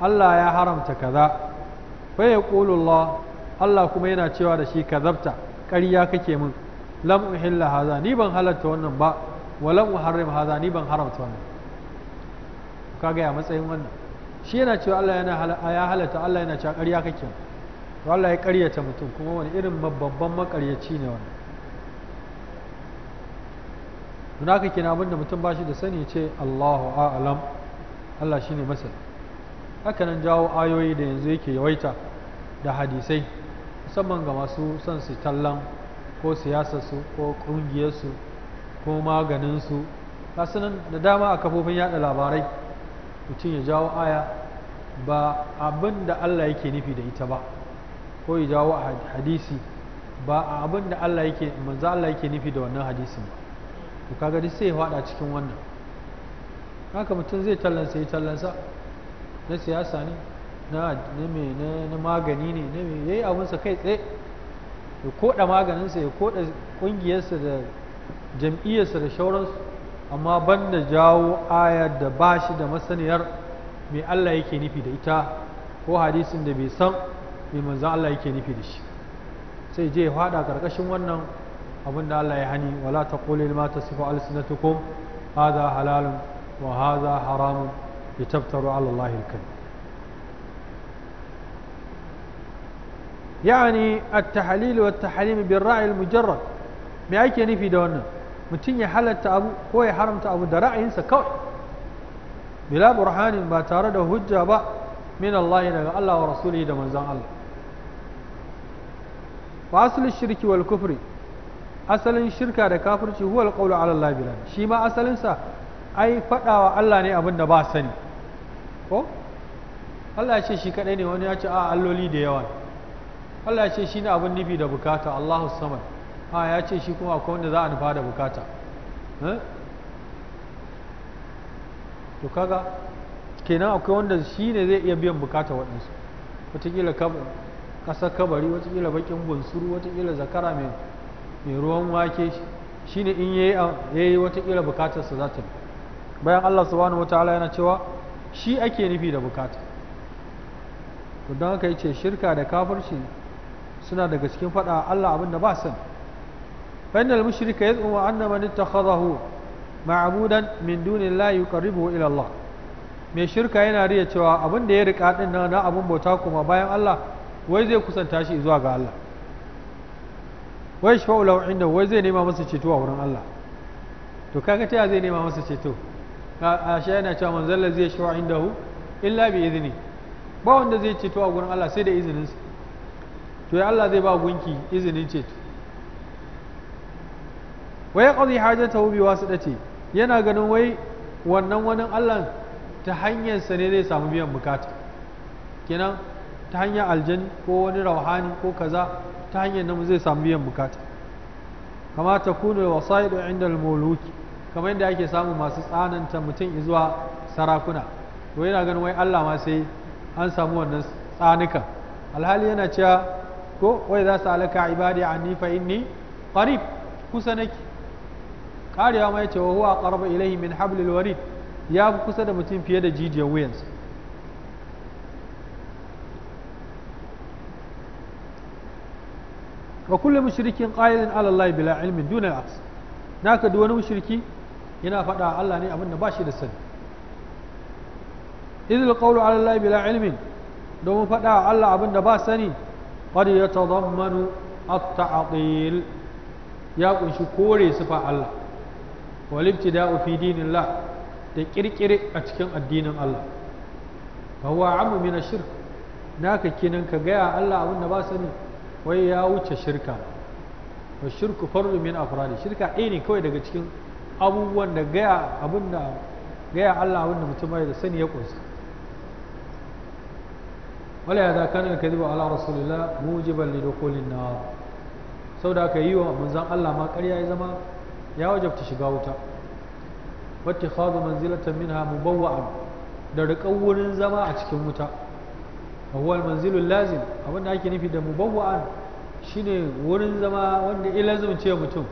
Allah ya haramta kaza fa yaqulu Allah Allah kuma yana cewa da shi kazabta ƙarya kake min lam uhilla haza ni ban halatta wannan ba wa lam uharrim haza ni ban haramta wannan kaga ya matsayin wannan shi yana cewa Allah yana ya halatta Allah yana cewa ƙarya kake to Allah ya ƙaryata mutum kuma wani irin babban maƙaryaci ne wannan don haka kina abinda mutum ba shi da sani ce Allahu a'lam Allah shi ne masani hakanan jawo ayoyi da yanzu yake yawaita da hadisai musamman ga masu son su tallan ko siyasarsu ko ƙungiyarsu ko maganinsu nan da dama a kafofin yada labarai mutum ya jawo aya ba abin da Allah yake nufi da ita ba ko ya jawo hadisi ba a abin da Allah yake manzo Allah yake nufi da wannan hadisin ba to kaga duk sai ya fada cikin wannan haka mutum zai tallansa ya tallansa na siyasa ne na magani ne na yi yayi abinsa kai tsaye ya koda maganinsa ya koda kungiyarsa da jam'iyyarsa da shauransu amma ban da jawo ayar da ba shi da masaniyar mai Allah yake nufi da ita ko hadisin da bai san mai manzan Allah yake nufi da shi sai je ya fada karkashin wannan abin da Allah ya hani wala ta taqulu ta sifa alsinatukum hadha halalun wa hadha haramun لتفتروا على الله الكذب يعني التحليل والتحريم بالرأي المجرد me ake nufi da wannan mutum ya halatta abu ko ya haramta abu da ra'ayinsa kawai bila burhanin ba tare da hujja ba min Allah daga Allah wa rasulihi da manzon Allah fa asalin wal kufri asalin shirka da kafirci huwa alqawlu ala Allah bila shi ma asalin ai fadawa Allah ne abin da ba sani ko Allah ya ce shi kadai ne wani ya ce a ah, alloli da yawa Allah ya ce shi ne abin nufi da bukata Allahu samad a ya ce shi kuma akwai wanda za a nufa da bukata eh? to kaga kenan akwai wanda shi ne zai iya biyan bukata waɗansu wataƙila ƙasar kabari wataƙila baƙin bunsuru wataƙila zakara mai ruwan wake shi ne in yayi wataƙila bukatarsa za ta bayan Allah subhanahu wa ta'ala yana cewa shi ake nufi da bukata to don haka yace shirka da kafirci suna daga cikin faɗa Allah abinda ba san فإن المشرك يزعم أن من اتخذه معبودا من دون الله يقربه إلى الله mai shirka yana riya cewa abin da ya rika din na abin bauta kuma bayan Allah wai zai kusanta shi zuwa ga Allah wai shafa'u inda wai zai nema masa ceto a wurin Allah to kaga ta zai nema masa ceto Ashe yana cewa man zalla zai shawa indahu illa bi izini ba wanda zai ceto a gurin Allah sai da izinin sa to ya Allah zai ba gunki izinin ce wa yaqdi hajatahu bi wasitati yana ganin wai wannan wani Allah ta hanyar sa ne zai samu biyan bukata kenan ta hanyar aljani ko wani rauhani ko kaza ta hanyar namu zai samu biyan bukata kama ta kunu wasaidu inda al-muluki kamar yadda ake samu masu tsananta mutum zuwa sarakuna to yana ganin wai Allah ma sai an samu wannan tsanukan alhali yana cewa ko wai za su alaka ibadi a nifa inni qarib kusa nake karewa ma yace wa huwa qarba ilayhi min hablil warid ya fi kusa da mutum fiye da jijiyar wuyansu wa kullu mushrikin qa'ilin Allah bila ilmin duna al-aqs naka duwani wani mushriki yana faɗa Allah ne abin da ba shi da sani idil qawlu ala Allah bila ilmin domin faɗa Allah abin da ba sani qad yatadammanu at-ta'til ya kunshi kore su fa Allah wal ibtida'u fi dinillah da kirkire a cikin addinin Allah fa huwa amu min ash-shirk naka kinan ka gaya Allah abin da ba sani wai ya wuce shirka wa shirku fardu min afradi shirka ɗaya ne kawai daga cikin abubuwan da gaya abin da gaya Allah abin da mutum da sani ya kunsa wala ya zaka nan kadiba ala rasulillah mujiban li dukhulin nar saboda ka yi wa manzon Allah ma ƙarya ya zama ya wajabta shiga wuta wattikhadhu manzilatan minha mubawwa'an da riƙar wurin zama a cikin wuta huwa almanzilul lazim abin da ake nufi da mubawwa'an shine wurin zama wanda ilazum ce mutum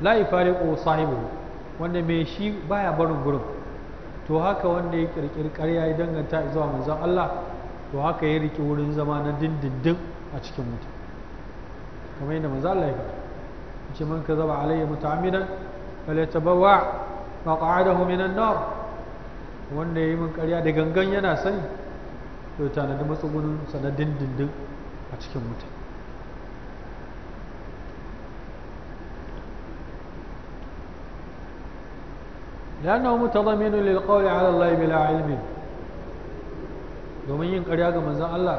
la ifariqu sahibihi wanda mai shi baya barin gurin to haka wanda ya kirkiri karya ya danganta zuwa manzon Allah to haka ya riki wurin zama na dindindin a cikin mutum kamar yadda manzon Allah ya faɗa ce man kazaba alayya muta'ammidan falyatabawwa maq'adahu an nar wanda ya yi min karya da gangan yana sani to tanadi matsugunin sa na dindindin a cikin mutum لأنه متضمن للقول على الله بلا علم domin yin ƙarya ga manzon Allah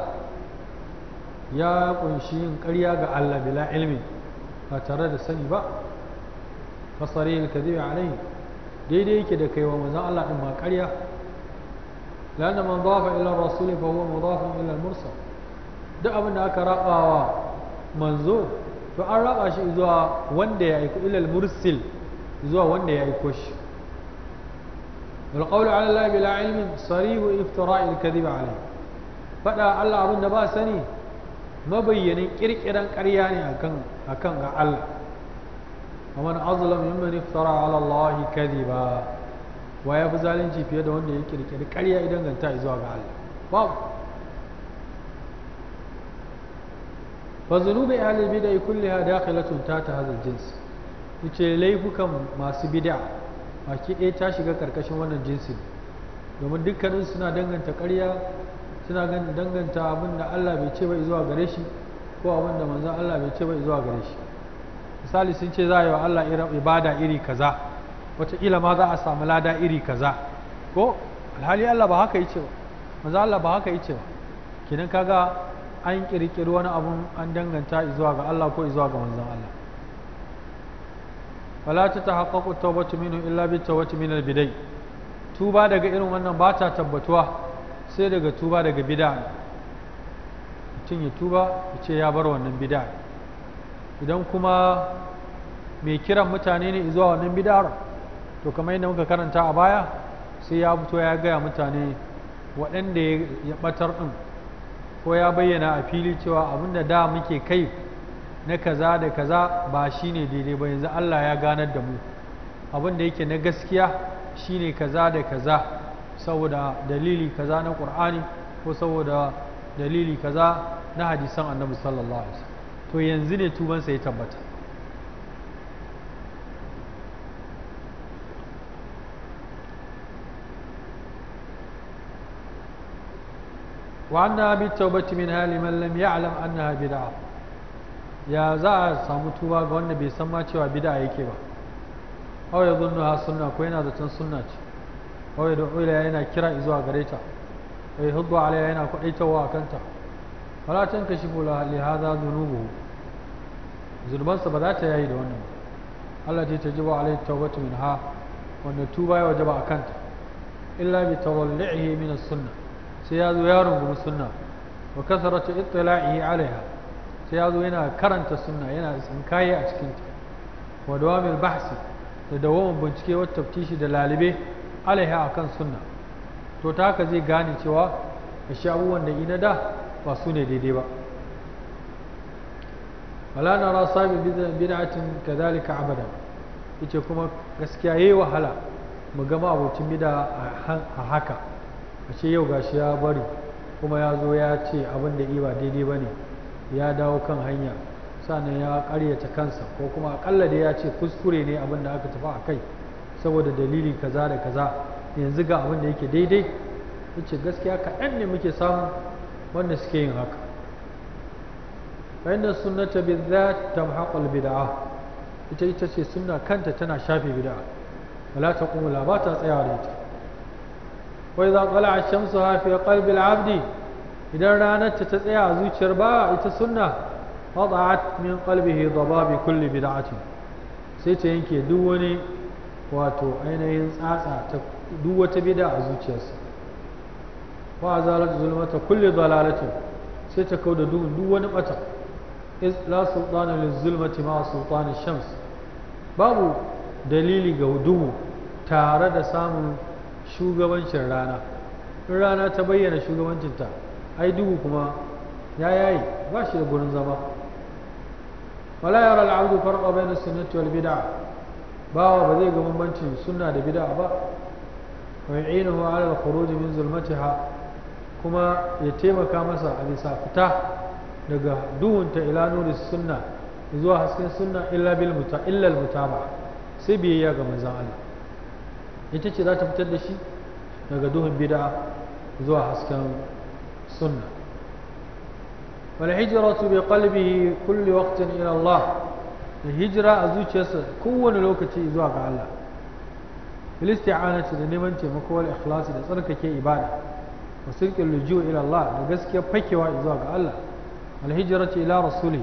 ya kunshi yin ƙarya ga Allah bila ilmi ba tare da sani ba fasari da kadhibi alai daidai yake da kaiwa manzon Allah din ma ƙarya lana man dafa ila rasuli fa huwa mudafun ila mursal duk abin da aka rabawa manzo to an raba shi zuwa wanda ya aiko ila mursil zuwa wanda ya aiko shi القول على الله بلا علم صريح افتراء الكذب عليه فدا الله ابن دبا سني مبين كركران كريان اكن اكن الله ومن اظلم ممن افترى على الله كذبا waya fi zalunci fiye da wanda ya kirkiri ƙarya idan ganta zuwa ga Allah ba fa zunubi ya bid'a kulliha dakhilatun ta ta hadha al-jins ce laifukan masu bid'a baki ɗaya ta shiga ƙarƙashin wannan jinsi domin dukkanin suna danganta ƙarya suna danganta abin da Allah bai ce bai zuwa gare shi ko abin da manzon Allah bai ce bai zuwa gare shi misali sun ce za a yi wa Allah ibada iri kaza wataƙila ma za a samu lada iri kaza ko alhali Allah ba haka yi ce ba manzon Allah ba haka yi ce ba kenan kaga an kirkiri wani abun an danganta zuwa ga Allah ko zuwa ga manzon Allah wala ta tahaqqaqu tawbatu minhu illa bi tawbati min al tuba daga irin wannan ba ta tabbatuwa sai daga tuba daga bid'a mutum ya tuba ya ce ya bar wannan bid'a idan kuma mai kiran mutane ne zuwa wannan bid'ar to kamar yadda muka karanta a baya sai ya fito ya gaya mutane waɗanda ya ɓatar ɗin ko ya bayyana a fili cewa abinda da muke kai na kaza da kaza ba shi ne daidai ba yanzu Allah ya ganar da mu abin da yake na gaskiya shi ne kaza da kaza saboda dalili kaza na ƙur'ani ko saboda dalili kaza na hadisan Annabi sallallahu alaihi wasallam to yanzu ne tubansa ya tabbata وعن أبي التوبة منها لمن لم يعلم أنها بدعة ya za a samu tuba ga wanda bai san ma cewa bid'a yake ba aw ya zunnu ha sunna ko yana zaton sunna ce aw ya du'u ila yana kira zuwa gare ta wa yahuddu alaiha yana kwadaitawa a kanta wala tankashifu li hadha dhunubuhu zulmansa ba za ta yayi da wannan Allah ce ta jiba wata tawbatu minha wanda tuba ya wajaba a kanta illa bi tawallihi min as-sunnah sai ya zo yaron gumi sunna wa kasaratu ittila'ihi alaiha sai ya zo yana karanta suna yana tsinkaye a cikin ta wa dawamil bahsi da dawamin bincike wata taftishi da lalibe alaiha kan suna to ta haka zai gane cewa ashe abubuwan da ina da ba su ne daidai ba wala ra sabi bid'atin kadhalika abada yace kuma gaskiya yayi wahala mu ga abocin bid'a a haka ashe yau gashi ya bari kuma ya zo ya ce abin da ba daidai ba ne ya dawo kan hanya sannan ya karyata kansa ko kuma akalla da ya ce kuskure ne abin da aka tafi a kai saboda dalili kaza da kaza yanzu ga abin da yake daidai ya ce gaskiya kaɗan ne muke samu wanda suke yin haka bayan suna bi za ta haƙul bida'a ita ita ce suna kanta tana shafe bida'a wala ta kuma ba ta tsayawa da ita wai za ƙala a shamsu hafi abdi idan ranar ta ta tsaya a zuciyar ba ita sunna wada'at min qalbihi dababi kulli bid'ati sai ta yanke duk wani wato ainihin tsatsa ta duk wata bid'a a zuciyarsa wa zalat zulmata kulli dalalatin sai ta kauda duk duk wani bata is la sultana lil zulmati ma sultana shams babu dalili ga duhu tare da samun shugabancin rana in rana ta bayyana shugabancinta ai duhu kuma ya yayi ba shi da gurin zama wala yara al'abdu farqa bayna sunnati wal bid'a bawa ba zai ga bambancin sunna da bid'a ba wa yu'inuhu 'ala al-khuruj min zulmatiha kuma ya taimaka masa a bisa fita daga duhunta ila nuri sunna zuwa hasken sunna illa bil muta illa al mutaba sai biyayya ga manzon Allah ita ce za ta fitar da shi daga duhun bid'a zuwa hasken سنة والهجرة بقلبه كل وقت إلى الله الهجرة أزوج يسر كون لوكتي إزواج الله الاستعانة لنمن تمكو الإخلاص لصدق كي إبادة وصدق اللجوء إلى الله لقسك بكوا إزواج الله والهجرة إلى رسوله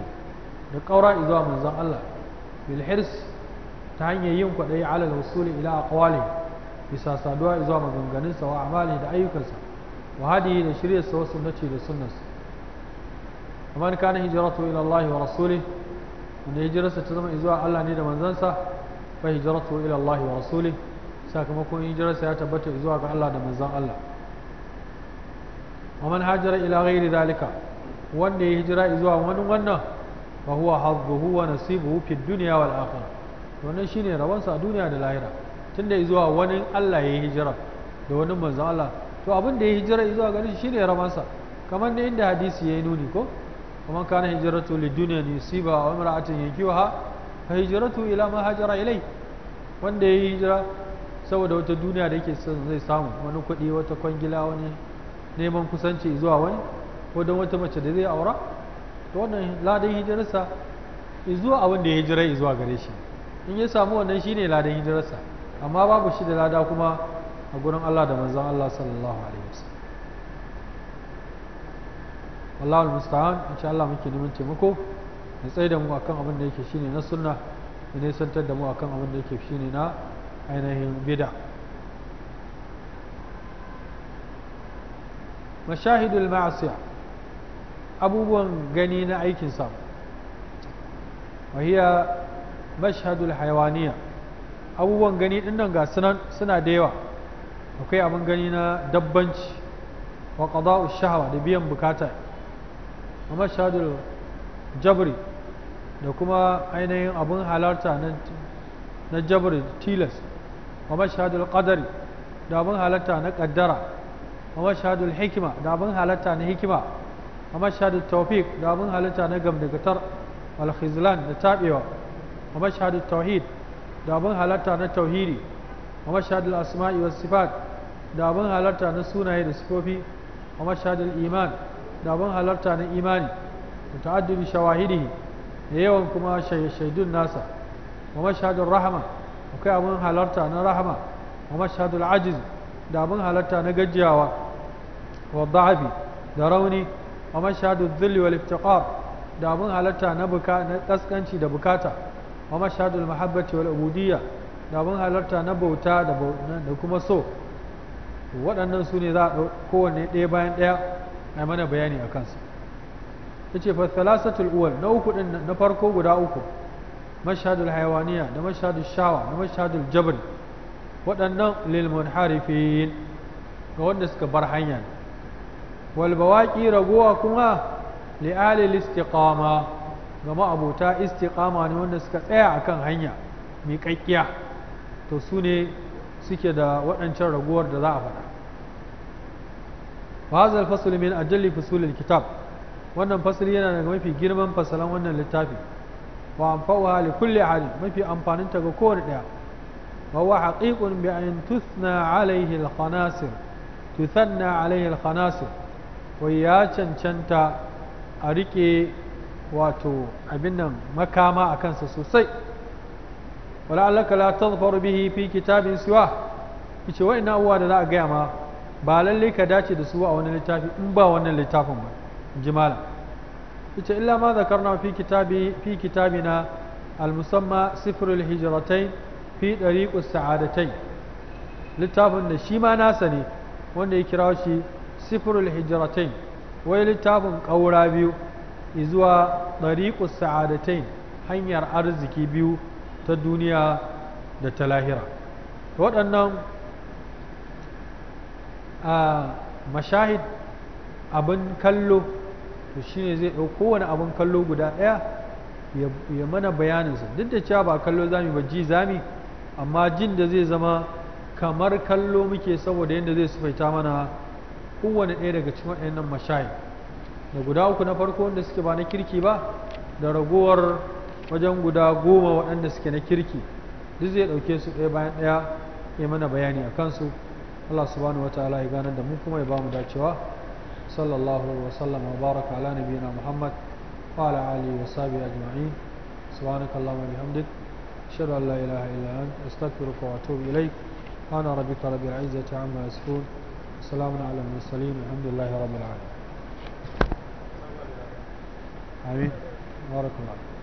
لقورا إزواج من الله بالحرص ta hanyar yin kwaɗayi alal wasuli ila aqwali bisa saduwa zuwa maganganunsa wa amali da ayyukansa وهدي لشريعة سوى سنتي لسنة ومن كان هجرته إلى الله ورسوله من هجرة ستزم إزواء الله نيدا من زنسة فهجرته إلى الله ورسوله ساكمكم هجرة سيتبت إزواء الله دا من زن الله ومن هاجر إلى غير ذلك وأن هجرة إزواء من ونه فهو حظه ونصيبه في الدنيا والآخرة wannan shine rawansa a duniya da lahira tunda zuwa wani Allah ya yi hijira da wani manzo Allah to abin da ya hijira zuwa ganin shi ne ramansa kamar da inda hadisi ya yi nuni ko kuma kana hijiratu liduniya ba wa imra'atin yankiha fa hijiratu ila ma hajara ilai wanda ya yi hijira saboda wata duniya da yake son zai samu wani kuɗi wata kwangila wani neman kusanci zuwa wani ko don wata mace da zai aura to wannan ladan hijirarsa zuwa abin da ya hijira zuwa gare shi in ya samu wannan shi ne ladan hijirarsa amma babu shi da lada kuma a gurin Allah da manzon Allah sallallahu alaihi wasallam al-musta'an insha Allah muke neman taimako da tsaye da mu akan abin da yake shine na sunna da nisantar da mu akan abin da yake shine na ainihin bid'a mashahidul ma'asiya abubuwan gani na aikin sa wahiya mashhadul hayawaniya abubuwan gani din nan ga sunan suna da yawa akwai abin gani na dabbanci wa qada'u shahawa da biyan bukata amma shadul jabri da kuma ainihin abin halarta na jabri tilas wa mashhadul qadari da abin halarta na kaddara wa mashhadul hikima da abin halarta na hikima wa mashhadul tawfiq da abin halarta na gamdagatar wal khizlan da tabewa wa mashhadul tauhid da abin halarta na tauhidi wa mashhadul asma'i was sifat da abin halarta na sunaye da sifofi a mashadar iman da abin halarta na imani da ta'addudi shawahidi da yawan kuma shaidun nasa a mashadar rahama akwai abin halarta na rahama a mashadar ajiz da abin halarta na gajiyawa wa da'afi da rauni a mashadar dhilli wal da abin halarta na buka da bukata a mashadar mahabbati wal ubudiyya da abin halarta na bauta da kuma so to waɗannan su ne za a kowanne ɗaya bayan ɗaya a mana bayani a kansu ta ce fasalasatul uwal na uku ɗin na farko guda uku mashadul hayawaniya da mashadul shawa da mashadul jabr waɗannan lil munharifin ga wanda suka bar hanya wal bawaqi ragowa kuma li'alil istiqama ga ma'abota istiqama ne wanda suka tsaya akan hanya miƙaƙƙiya to su ne suke da waɗancan raguwar da za a faɗa وهذا الفصل من أجل فصول الكتاب وأن الفصل هنا ما في جرما فصلا وأن للتافه وأنفوها لكل عالم ما في أنفان انت كون وهو حقيق بأن تثنى عليه الخناصر تثنى عليه الخناصر ويا شن شنتا أريكي واتو أبنا مكاما أكن سوسي ولعلك لا تظفر به في كتاب سواه وإن أول لا جامع ba lallai ka dace da su a wani littafi in ba wannan littafin ba ji malam ita illa ma zakarna fi kitabi fi kitabina al-musamma sifrul hijratain fi dariqus sa'adatain littafin da shi ma nasa ne wanda ya kira shi sifrul hijratain wai littafin ƙaura biyu zuwa dariqus sa'adatain hanyar arziki biyu ta duniya da ta lahira waɗannan a mashahid abin kallo to shine zai ɗau kowane abin kallo guda ɗaya ya mana bayaninsa duk da cewa ba kallo zami ba ji zami amma jin da zai zama kamar kallo muke saboda yadda zai sufaita mana kowane ɗaya daga cikin waɗannan mashahid da guda uku na farko wanda suke ba na kirki ba da ragowar wajen guda goma waɗanda suke na kirki duk zai ɗauke su ɗaya bayan ɗaya ya mana bayani a kansu Allah subhanahu wataala ya ganar da mu kuma ya bamu dacewa sallallahu wa sallama wa baraka ala nabiyyina Muhammad wa ala alihi wa sahbihi ajma'in subhanakallahumma wa bihamdik ashhadu an la ilaha illa anta astaghfiruka wa atubu ilaik ana rabbika rabbil izzati amma yasifun salamun ala al-mursalin alhamdulillahi rabbil alamin آمين بارك الله